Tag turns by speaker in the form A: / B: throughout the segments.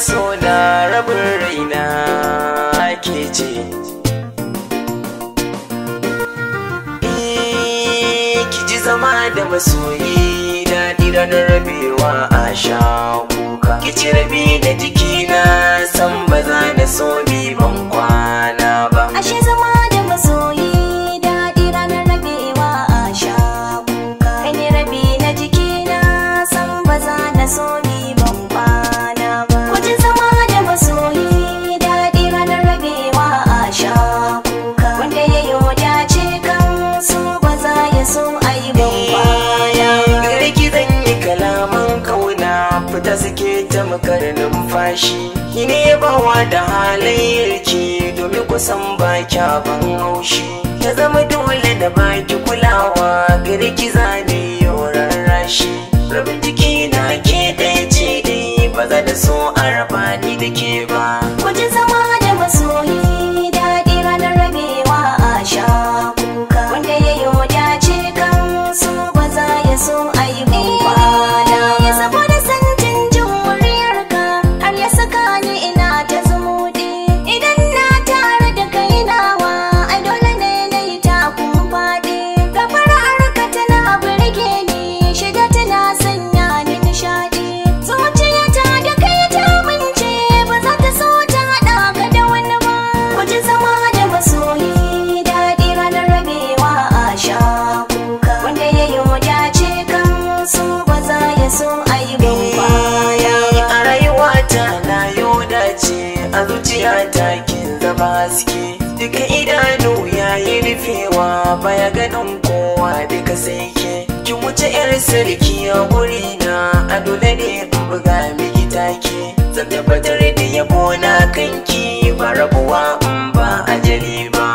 A: so na rabin raina ake ce eh, ki ji zama da masoyi daɗi ranar rabewa a sha kuka ki ci rabi da jikina san ba za na so bi ban da numfashi ki ne bawa da halayyarki domin kusan ba kya ban haushi ta zama dole da baki kulawa gari ki zane yoran rashi rabin a takin zaba suke. duka idanu yayi rufewa baya ganin kowa duka sai ke ki wuce yar sarki a guri na a dole ne in buga miki take zan tabbatar da yabo na kanki ba rabuwa in ba ajali ba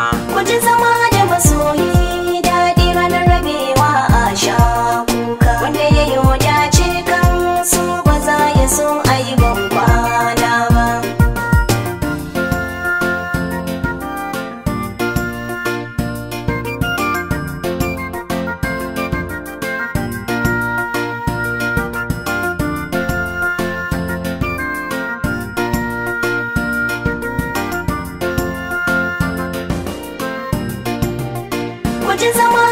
A: Mucin zaman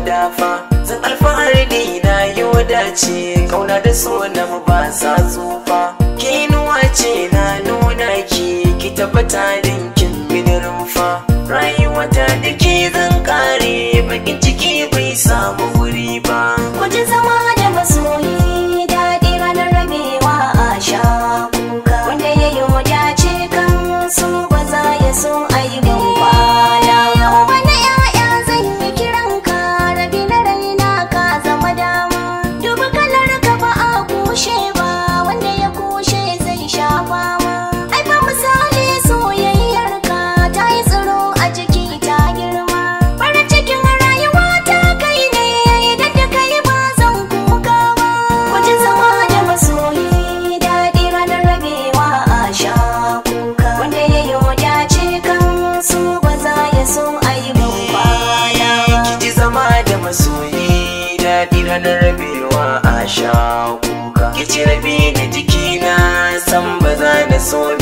A: dafa zan alfahari ne na yi wadace kauna da mu ba sa tsufa ke nuwa ce na nuna ki ki tabbata din na kuka ki cire bi na jikina san ba za na so